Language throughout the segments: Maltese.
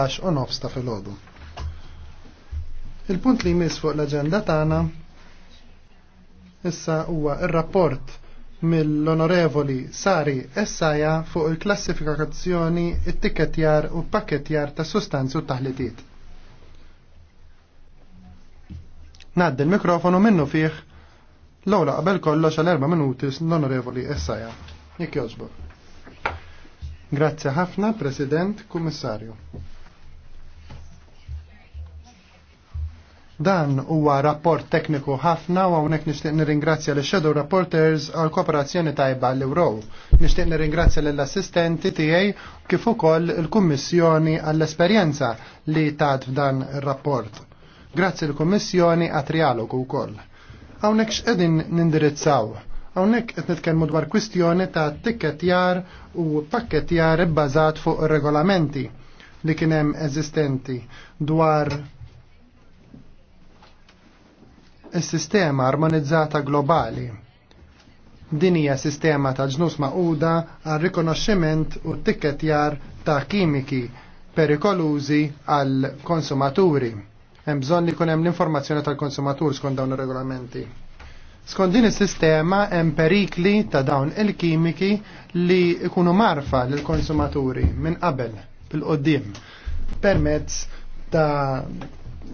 għax u nofs fil-ħodu. Il-punt li jmiss fuq l-agenda tagħna issa huwa ir-rapport mill-onorevoli Sari Essaja fuq il-klassifikazzjoni, it-tikketjar u pakketjar ta' sustanzi u taħlitiet. Naddi l-mikrofonu minnu fih l-ewla qabel kollox għal erba' minuti l-onorevoli Essaja. Jekk jogħġbu. Grazzi ħafna, President, Kummissarju. Dan huwa rapport tekniku ħafna u hawnhekk nixtieq nirringrazzja lix shadow Rapporters għal kooperazzjoni tajba l ewrow Nixtieq nirringrazzja lill assistenti tiegħi kif ukoll il-Kummissjoni għall-esperjenza li tat f'dan ir-rapport. Grazzi l-Kummissjoni għat trialogu wkoll. Hawnhekk x'qegħdin nindirizzaw. Hawnhekk qed nitkellmu dwar kwistjoni ta' tikketjar u pakketjar ibbażat fuq ir regolamenti li kien hemm eżistenti dwar s sistema armonizzata globali. Din hija sistema ta' ġnus maquda għal rikonoxximent u t-tikketjar ta' kimiki perikolużi għal konsumaturi. Hemm bżonn li hemm l-informazzjoni tal-konsumatur skont dawn ir-regolamenti. Skont din is-sistema hemm perikli ta' dawn il-kimiki li jkunu marfa lill konsumaturi minn qabel fil-qoddim permezz ta'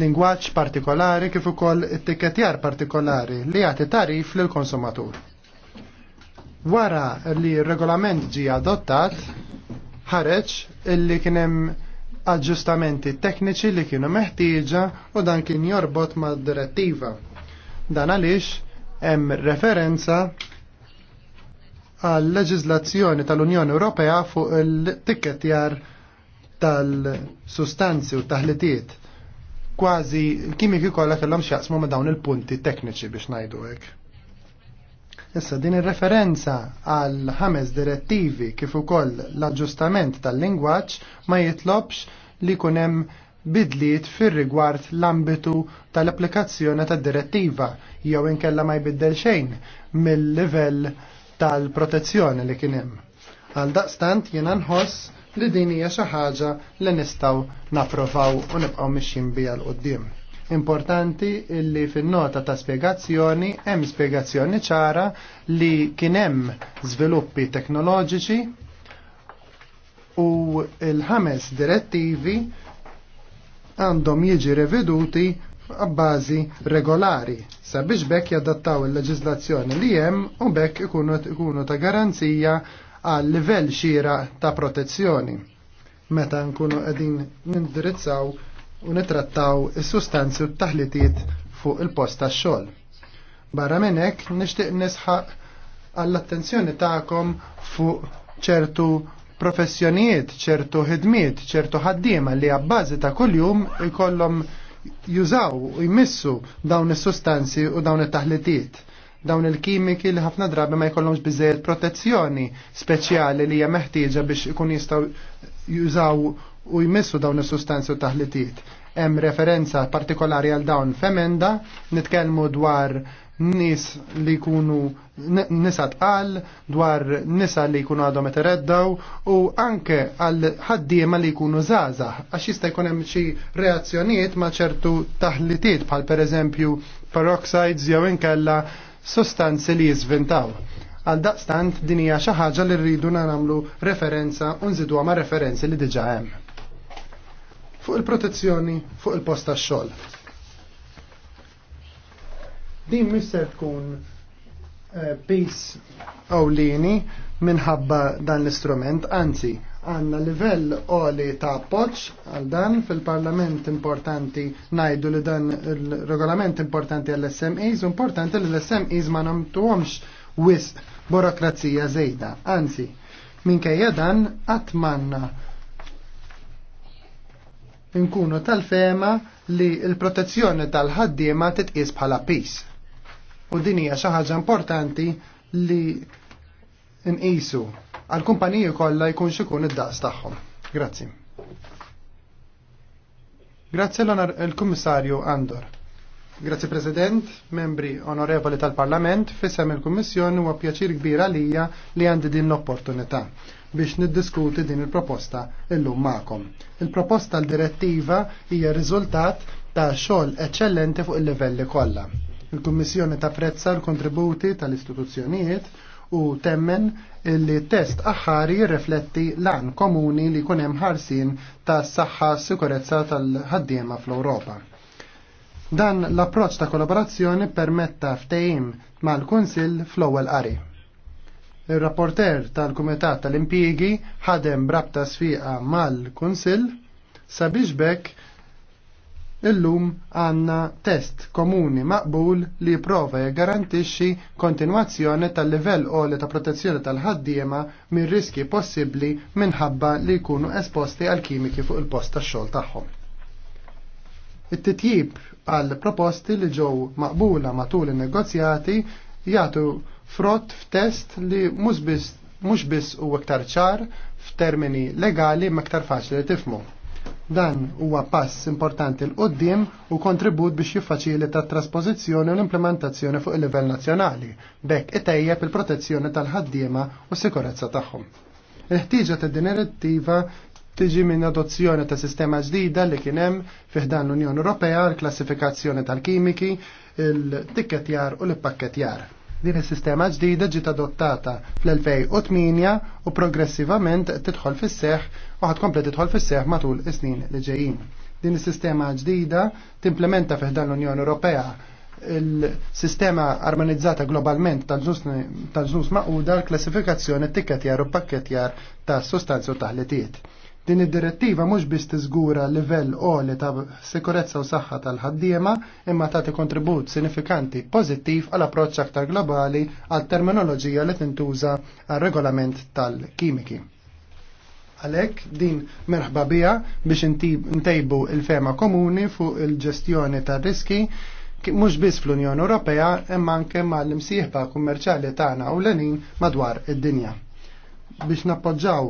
lingwaġġ partikolari kif ukoll it-tikketjar partikolari li jagħti tarif lil konsumatur. Wara li r-regolament ġi adottat, ħareġ illi kien hemm aġġustamenti tekniċi li kienu meħtieġa u dan kien jorbot mad direttiva. Dan għaliex hemm referenza għal leġiżlazzjoni tal-Unjoni Ewropea fuq il-tikketjar tal-sustanzi u taħlitiet kważi l-kimiki kellhom x'jaqsmu ma' dawn il-punti tekniċi biex ngħidu hekk. Issa din ir-referenza għal ħames direttivi kif ukoll l-aġġustament tal-lingwaġġ ma jitlobx li jkun hemm bidliet fir-rigward l-ambitu tal-applikazzjoni tad-direttiva jew inkella ma jbiddel xejn mill-livell tal-protezzjoni li kien hemm. Għal daqstant jiena nħoss li din hija xi ħaġa li nistgħu napprovaw u nibqgħu mixjin biha l qudiem Importanti li fin-nota ta' spjegazzjoni hemm spjegazzjoni ċara li kien hemm żviluppi teknoloġiċi u l-ħames direttivi għandhom jiġi reveduti għabbażi regolari sabiex bekk jadattaw il-leġizlazzjoni li hemm u bekk ikunu ta' garanzija għal livell xira ta' protezzjoni meta nkunu qegħdin nindirizzaw u nitrattaw is-sustanzi u t-taħlitiet fuq il-post tax-xogħol. Barra minn hekk nixtieq nisħaq għall-attenzjoni tagħkom fuq ċertu professjonijiet, ċertu ħidmiet, ċertu ħaddiema li għabbażi ta' kuljum ikollhom jużaw u jmissu dawn is-sustanzi u dawn it-taħlitiet dawn il-kimiki li ħafna drabi ma jkollhomx biżejjed protezzjoni speċjali li hija meħtieġa biex ikun jistgħu jużaw u jmissu dawn is-sustanzi u taħlitiet. Hemm referenza partikolari għal dawn femenda, nitkellmu dwar nis li jkunu nisa tqal, dwar nisa li jkunu għadhom etereddaw u anke għal ħaddiema li jkunu zaza, għax jista' jkun hemm xi reazzjonijiet ma' ċertu taħlitiet bħal pereżempju peroxides jew inkella sostanzi li jizventaw. Għal daqstant din hija xi ħaġa li rridu nagħmlu referenza u għama ma' referenzi li diġa hemm. Fuq il-protezzjoni fuq il posta tax-xogħol. Din misser tkun uh, eh, peace awlini minħabba dan l-istrument, anzi, għanna livell oli ta' appoċ għal dan fil-parlament importanti najdu li dan il-regolament importanti għall-SMEs, importanti li l-SMEs ma namtuħomx wisq burokrazija zejda. Anzi, minkejja dan għatmanna nkunu tal-fema li l-protezzjoni tal-ħaddiema titqis bħala pis. U din hija xi ħaġa importanti li nqisu għal-kumpaniji kollha jkun xikun id-daqs tagħhom. Grazzi. Grazzi l-Kummissarju Andor. Grazzi President, membri onorevoli tal-Parlament, fissem il-Kummissjoni huwa pjaċir kbira lija li għandi din l-opportunità biex niddiskuti din il-proposta illum ma'kom. Il-proposta l-direttiva hija riżultat ta' xogħol eċċellenti fuq il-livelli kollha. Il-Kummissjoni tapprezza l-kontributi tal-istituzzjonijiet u temmen li test aħħari jirrifletti lan komuni li kunem ħarsin ta' s sikurezza tal-ħaddiema fl-Europa. Dan l-approċ ta' kollaborazzjoni permetta ftehim mal-Kunsill fl-ewwel qari. Ir-rapporter tal-Kumitat tal-Impjigi ħadem brabta sfiqa mal-Kunsill sabiex bekk illum għanna test komuni maqbul li prova e garantixxi kontinwazzjoni tal-livell għoli ta' protezzjoni tal-ħaddiema minn riski possibbli minħabba li jkunu esposti għal kimiki fuq il-post tax-xogħol tagħhom. It-titjib għal proposti li ġew maqbula matul in-negozjati jagħtu frott f'test li mhux biss huwa iktar ċar f'termini legali ma iktar faċli li tifmu Dan huwa pass importanti l qoddim u kontribut biex jiffaċilita traspożizzjoni u l-implementazzjoni fuq il-livell nazzjonali, bekk itejjeb il-protezzjoni tal-ħaddiema u sikurezza tagħhom. Il-ħtieġa ta' din direttiva tiġi minn adozzjoni ta' sistema ġdida li kien hemm fiħdan l-Unjoni Ewropea l-klassifikazzjoni tal-kimiki, il-tikketjar u l-pakketjar. Din is-sistema ġdida ġiet adottata fl-2008 u progressivament tidħol fis seħħ u ħadkompli tidħol fis seħħ matul is-snin li ġejjin. Din is-sistema ġdida timplementa dan l-Unjoni Ewropea il-sistema armonizzata globalment tal-ġnus maquda l-klassifikazzjoni t-tikketjar u pakketjar ta' sostanzi u taħletiet. Din id-direttiva mhux biss tiżgura livell għoli ta' sikurezza u saħħa tal-ħaddiema imma tagħti kontribut sinifikanti pożittiv għal approċċ aktar globali għal terminoloġija li tintuża għal regolament tal-kimiki. Għalhekk din merħba biha biex ntejbu il-fema komuni fuq il-ġestjoni tar-riski mhux biss fl-Unjoni Ewropea imma anke mal-imsieħba kummerċjali tagħna u l madwar id-dinja biex nappoġġaw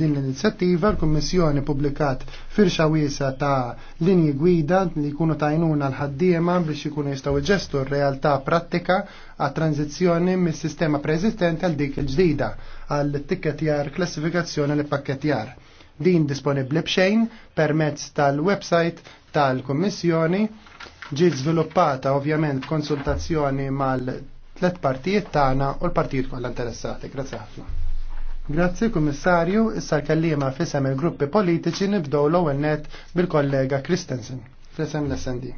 din l-inizjattiva l-Kummissjoni publikat firxa wiesa ta' linji gwida li jkunu tajnuna l-ħaddiema biex jkunu jistgħu ġestu r-realtà prattika għat tranzizzjoni mis-sistema preżistenti għal dik il-ġdida għal tikketjar klassifikazzjoni l pakketjar Din disponibbli b'xejn permezz tal-website tal-Kummissjoni ġi żviluppata ovvjament konsultazzjoni mal tlet partijiet tagħna u l-partijiet kollha interessati. Grazie ħafna. Grazzi Kummissarju, issa kellima fisem il-gruppi politiċi nibdow l-ewwel net bil-kollega Christensen fisem l-SND.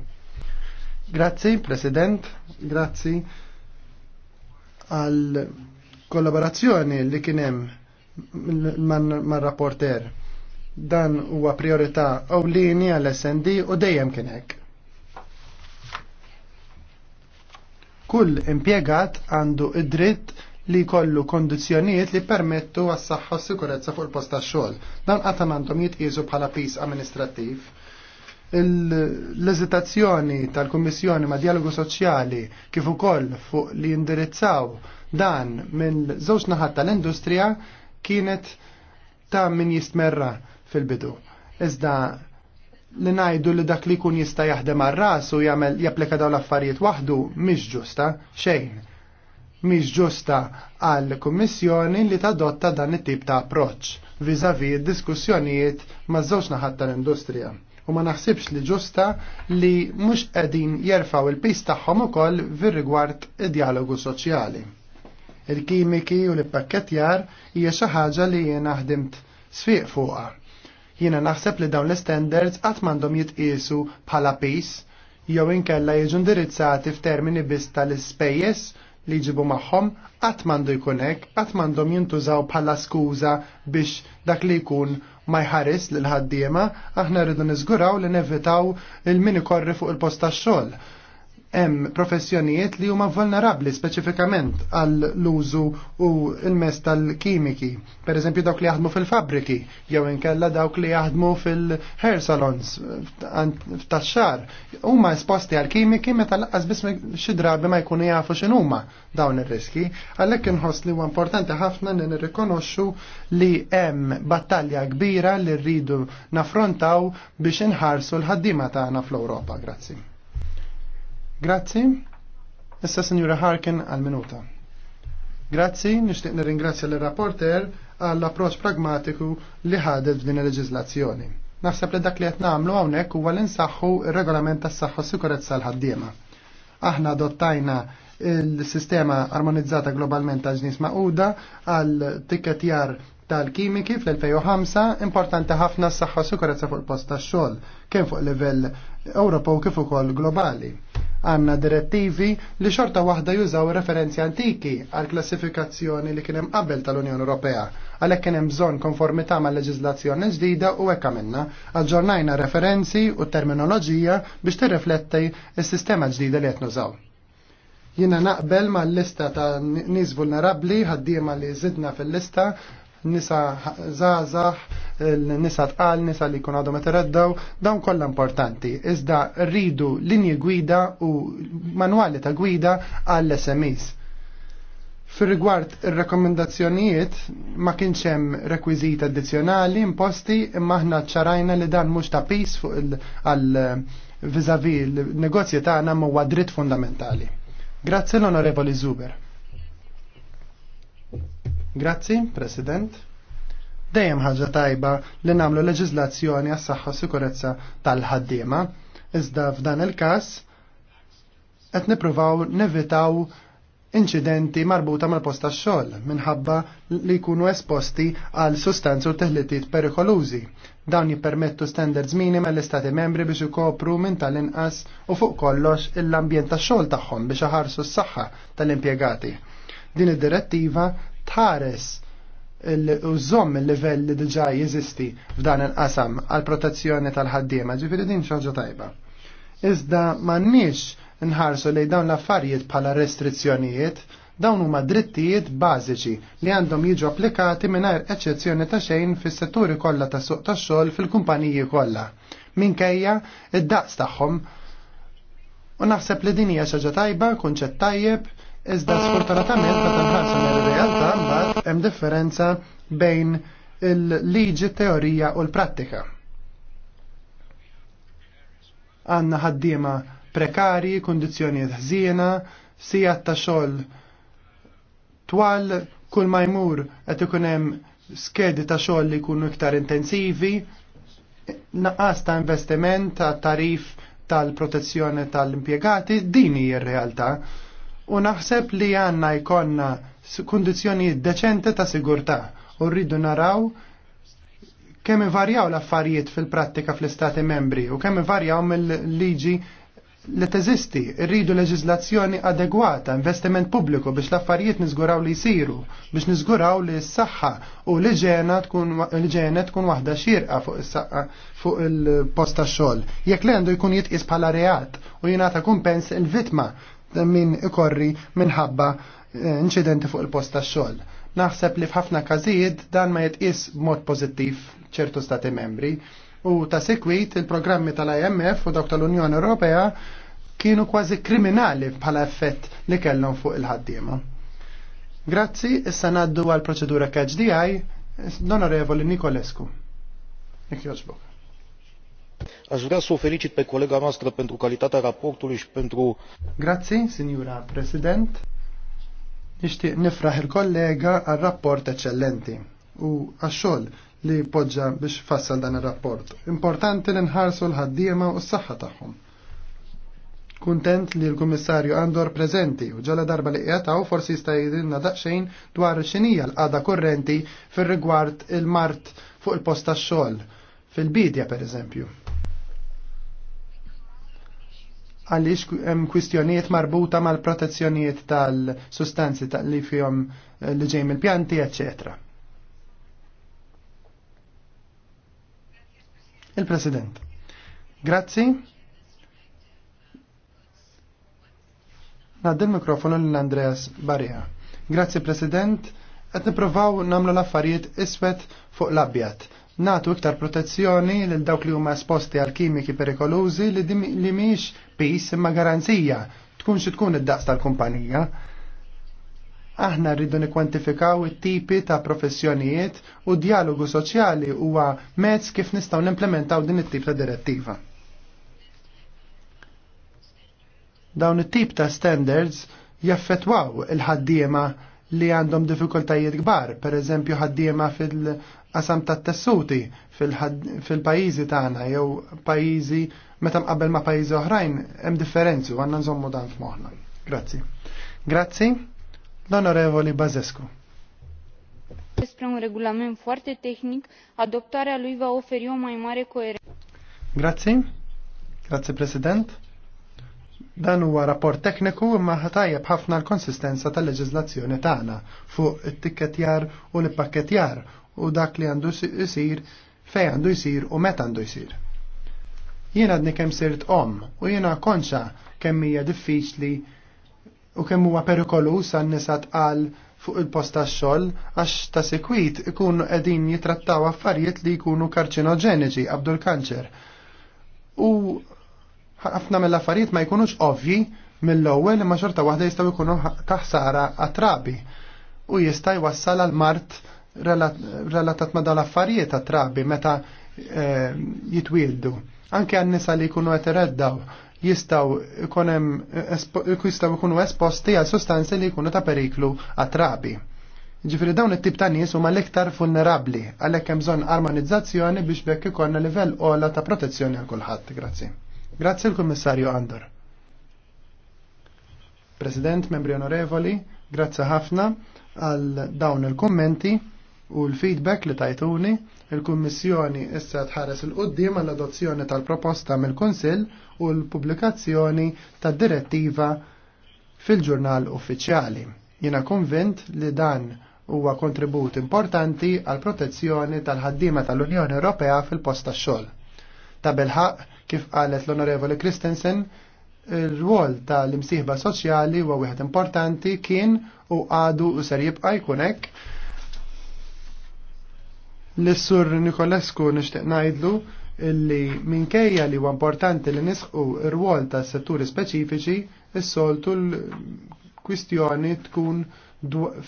Grazzi President, grazzi għal kollaborazzjoni li kien hemm mar-rapporter. Dan huwa priorità ewlieni għall-SND u dejjem kien hekk. Kull impjegat għandu id-dritt li jkollu kondizjoniet li permettu għas-saħħa u sikurezza fuq il-post tax-xogħol. Dan qatt għandhom jitqiesu bħala pis amministrattiv. L-eżitazzjoni tal-Kummissjoni ma' dialogu soċjali kif ukoll fuq li indirizzaw dan minn żewġ naħat tal-industrija kienet ta' min jistmerra fil-bidu. Iżda li najdu li dak li kun jista jaħdem ar rasu jagħmel japplika daw l-affarijiet waħdu mhix ġusta xejn mhix ġusta għall kummissjoni li tadotta dan it-tip ta' approċċ viżavi d-diskussjonijiet maż-żewġ naħat tal-industrija. U ma naħsibx li ġusta li mhux qegħdin jerfaw il-pis tagħhom ukoll virrigward id-dialogu soċjali. Il-kimiki u l-pakketjar hija xi ħaġa li jiena ħdimt sfiq fuqha. Jiena naħseb li dawn l-standards qatt m'għandhom jitqiesu bħala pis jew inkella jiġu indirizzati f'termini biss tal-ispejjeż li jġibu magħhom qatt m'għandu jkun hekk, qatt m'għandhom jintużaw bħala skuża biex dak li jkun ma jħares lil ħaddiema, aħna rridu niżguraw li nevitaw il-min ikorri fuq il posta tax-xogħol hemm professjonijiet li huma vulnerabbli speċifikament għall l-użu u l-mess tal-kimiki. Per eżempju dawk li jaħdmu fil-fabriki, jew inkella dawk li jaħdmu fil-hair salons f'tax-xar. Huma esposti għal kimiki meta laqqas biss xi drabi ma jkunu jafu x'inhuma dawn ir-riski. Għalhekk inħoss li huwa importanti ħafna li nirrikonoxxu li hemm battalja kbira li rridu naffrontaw biex inħarsu l-ħaddiema tagħna fl-Ewropa. Grazzi. Grazzi. Issa Sinjura Harkin għal-minuta. Grazzi, nishtiq nirringrazzja l-rapporter għall-approċ pragmatiku li ħadet f'din il-leġizlazzjoni. Naħseb li dak li qed nagħmlu hawnhekk huwa li nsaħħu ir-regolament tas-saħħa sikurezza l-ħaddiema. Aħna adottajna il-sistema armonizzata globalment ta' ġnis maquda għal tikketjar tal-kimiki fl-2005 importanti ħafna s-saħħa sikurezza fuq il-post tax-xogħol, kien fuq livell Ewropew kif ukoll globali. Għanna direttivi li xorta waħda jużaw referenzi antiki għal klassifikazzjoni li kien hemm qabel tal-Unjoni Ewropea, għalhekk kien hemm bżonn konformità mal leġiżlazzjoni ġdida u hekk għamilna aġġornajna referenzi u terminoloġija biex tirrifletti s-sistema ġdida li qed nużaw jina naqbel mal lista ta' nis vulnerabli ħaddiema li zidna fil-lista nisa zazah, nisa tqal, nisa li kun għadhom etereddaw, dawn kollha importanti. Iżda rridu linji gwida u manwali ta' gwida għall sms Fil-rigward il-rekomendazzjonijiet ma kienx hemm rekwiżiti addizzjonali imposti imma aħna ċarajna li dan mhux ta' pis fuq għal vizavi l-negozji tagħna huwa dritt fundamentali. Grazzi l-Onorevoli Zuber. Grazzi, President. Dejjem ħaġa tajba li namlu leġizlazzjoni għas saħħa sikurezza tal-ħaddiema, iżda f'dan il-każ qed nippruvaw nevitaw inċidenti marbuta mal-post tax-xogħol minħabba li jkunu esposti għal sustanzi u teħlitiet perikolużi. Dawn jippermettu standards minim għall istati membri biex ikopru minn tal-inqas u fuq kollox l-ambjent tax-xogħol tagħhom biex iħarsu s-saħħa tal-impjegati. Din id-direttiva tħares użom il level li diġa jeżisti f'dan il-qasam għal protezzjoni tal-ħaddiema, ġifiri din xaġa tajba. Iżda m'għandniex nħarsu li dawn l-affarijiet bħala restrizzjonijiet, dawn huma drittijiet bażiċi li għandhom jiġu applikati mingħajr eċċezzjoni ta' xejn fis-setturi kollha tas suq tax-xogħol fil-kumpaniji kollha. Minkejja id-daqs tagħhom u naħseb li din hija xaġa tajba, kunċett tajjeb, Iżda sfortunatament meta nħarsu mir-realtà mbagħad hemm differenza bejn il-liġi teorija u l-prattika. Għanna ħaddiema prekari, kundizzjonijiet ħżiena, sigħat ta' xogħol twal, kull ma jmur qed ikun hemm skedi ta' xogħol li jkunu iktar intensivi, naqas ta' investiment ta' tarif tal-protezzjoni tal-impjegati, din hija r-realtà u naħseb li għanna jkonna kondizjoni deċenti ta' sigurtà u rridu naraw kemm ivarjaw l-affarijiet fil-prattika fl-istati membri u kemm ivarjaw mill-liġi li teżisti, rridu leġizlazzjoni adegwata, investiment pubbliku biex l-affarijiet niżguraw li jsiru, biex niżguraw li s-saħħa u li ġena tkun l-ġena tkun waħda xirqa fuq is-saqqa fuq il posta tax-xogħol. Jekk l għandu jkun jitqis bħala reat u jingħata kumpens il-vitma Eh, min ikorri minħabba eh, inċidenti fuq il-post tax-xogħol. Naħseb li f'ħafna każijiet dan ma jitqies b'mod pożittiv ċertu stati membri u ta' sekwit il-programmi tal-IMF u dawk tal-Unjoni Ewropea kienu kważi kriminali bħala effett li kellhom fuq il-ħaddiema. Grazzi, issa naddu għal proċedura KHDI, l-Onorevoli Nikolescu. Jek a vrea să o felicit pe colega noastră pentru calitatea raportului și pentru... Grazie, signora President. Nishtiq nifraħ il-kollega għal rapport eccellenti u għaxxol li podġa biex fassal dan il-rapport. Importanti li nħarsu l-ħaddiema u s-saħħa tagħhom. Kuntent li l-Kummissarju Andor preżenti u ġala darba li qiegħu forsi jista' jgħidilna daqsxejn dwar x'inija l-qada korrenti fir-rigward il-mart fuq il-post tax-xogħol fil-bidja pereżempju għaliex hemm kwistjonijiet marbuta mal-protezzjonijiet tal-sustanzi ta' li fihom eh, li ġej mill-pjanti, eċċetera. Il-President. Grazzi. Naddi il-mikrofonu l-Andreas Barija. Grazzi President. Għet niprofaw namlu l-affarijiet iswet fuq l-abjat natu iktar protezzjoni lil dawk li huma esposti għal kimiki perikolużi li, li miex pis imma garanzija tkun xi tkun id-daqs tal-kumpanija. Aħna rridu nikwantifikaw it-tipi ta' professjonijiet u dialogu soċjali huwa mezz kif nistgħu nimplementaw din it-tip ta' direttiva. Dawn it-tip ta' standards jaffetwaw il-ħaddiema li għandhom difikultajiet kbar, per eżempju ħaddiema fil-qasam tat tessuti fil-pajizi tagħna jew pajizi meta mqabbel ma' pajizi oħrajn hemm differenzu għandna nżommu dan f'moħħna. Grazzi. Grazzi l-Onorevoli Bazescu. Despre un regulament foarte tehnic, adoptarea lui va oferi o mai mare coerență. Grazie. Grazie, President. Dan huwa rapport tekniku imma ħatajja ħafna l-konsistenza tal leġizlazzjoni tagħna fuq it-tikketjar u l-pakketjar u dak li għandu jsir fej għandu jsir u meta għandu jsir. Jiena għadni kemm sirt om u jiena konxa kemm hija diffiċli u kemm huwa perikolus għan nisat għal fuq il-post tax-xogħol għax ta' sekwit ikunu qegħdin jitrattaw affarijiet li jkunu karċinoġeniċi qabdu l-kanċer. U ħafna mill-affarijiet ma jkunux ovvji mill-ewwel imma xorta waħda jistgħu jkunu taħsara għat-trabi u jista' jwassal għal mart relatat ma dal-affarijiet għat-trabi meta eh, jitwieldu. Anke għan-nisa li jkunu qed ireddaw jistaw jistgħu jkunu esposti għal sostanzi li jkunu ta' periklu għat-trabi. Ġifiri dawn it-tip ta' nies huma l-iktar vulnerabbli għalhekk hemm bżonn armonizzazzjoni biex bekk ikollna livell ola ta' protezzjoni għal kulħadd. Grazzi. Grazzi l-Kummissarju Andor. President, membri onorevoli, grazzi ħafna għal dawn il-kommenti u l-feedback li tajtuni. Il-Kummissjoni issa tħares il-qoddim għall-adozzjoni tal-proposta mill-Kunsill u l-pubblikazzjoni tad-direttiva fil-ġurnal uffiċjali. Jiena konvint li dan huwa kontribut importanti għal protezzjoni tal ħaddima tal-Unjoni Ewropea fil posta xogħol Tabelħaq, Kif qalet l-Onorevoli Christensen, il-rwol tal-imsieħba soċjali huwa wieħed importanti kien u għadu u ser jibqa' jkun hekk. L-Sur Nikolescu nixtieq ngħidlu illi minkejja li huwa importanti li nisħu r-rwol tas setturi speċifiċi, is-soltu l-kwistjoni tkun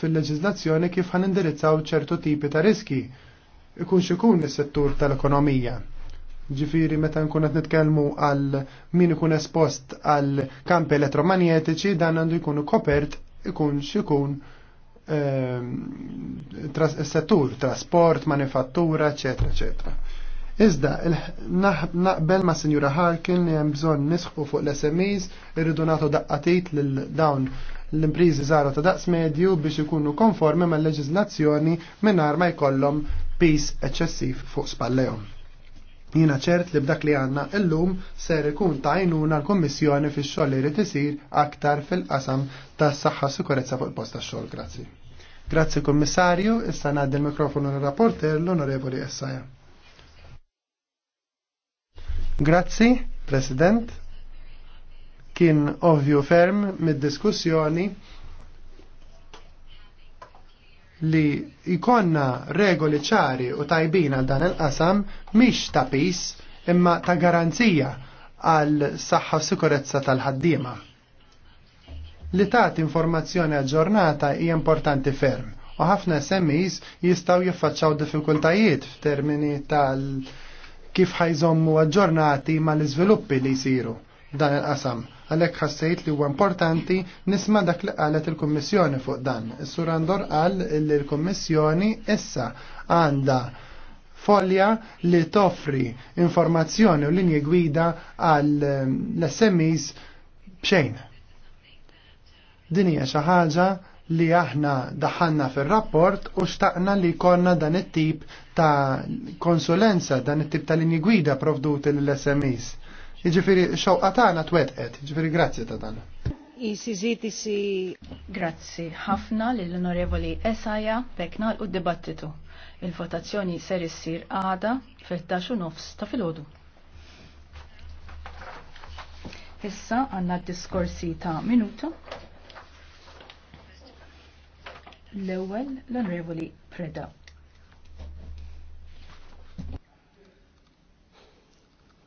fil leġizlazzjoni kif indirizzaw ċertu tipi ta' riski ikun xikun is-settur tal-ekonomija ġifiri meta nkun qed nitkellmu għal min ikun espost għal kampi elettromagnetiċi dan għandu jkun kopert ikun xikun ehm, settur, trasport, manifattura, eccetera, eccetera. Iżda, naqbel ma' Sinjura Harkin li hemm bżonn nisħu fuq l-SMEs, irridu nagħtu daqqatit lil dawn l-imprizi żara ta' daqs medju biex ikunu konformi mal-leġiżlazzjoni mingħajr ma jkollhom pis eċċessiv fuq spallejhom. Jina ċert li b'dak li għanna illum ser ikun ta' għajnuna l-Kommissjoni fi xogħol li jrid isir aktar fil-qasam tas saħħa sikurezza fuq il posta tax-xogħol. Grazzi. Grazzi Kommissarju, issa ngħaddi l-mikrofonu l-rapporter l-Onorevoli Essaja. Grazzi, President. Kien ovvju ferm mid-diskussjoni li jkonna regoli ċari u tajbin għal dan il-qasam miex ta' pis imma ta' garanzija għal saħħa u sikurezza tal-ħaddiema. Li tat informazzjoni aġġornata hija importanti ferm u ħafna SMEs jistaw jiffaċċaw diffikultajiet f'termini tal kif ħajżommu aġġornati mal-iżviluppi li jsiru dan il-qasam. Għalhekk ħassejt li huwa importanti nisma' dak li qalet il-Kummissjoni fuq dan. Is-Sur Andor qal li l-Kummissjoni issa għandha folja li toffri informazzjoni u linji gwida għal ehm, l-SMEs bxejn. Din hija xi ħaġa li aħna daħanna fil-rapport u xtaqna li konna dan it-tip ta' konsulenza, dan it-tip ta' linji gwida provduti l-SMEs. Jiġifieri xewqa tagħna twettqet, iġifiri grazzi ta' Iġifiri, grazzi ħafna lill-Onorevoli Esaja bekna u dibattitu. Il-votazzjoni ser issir għada fil taxu nofs ta' filgħodu. Issa għandna diskorsi ta' minuta. L-ewwel l-Onorevoli Preda.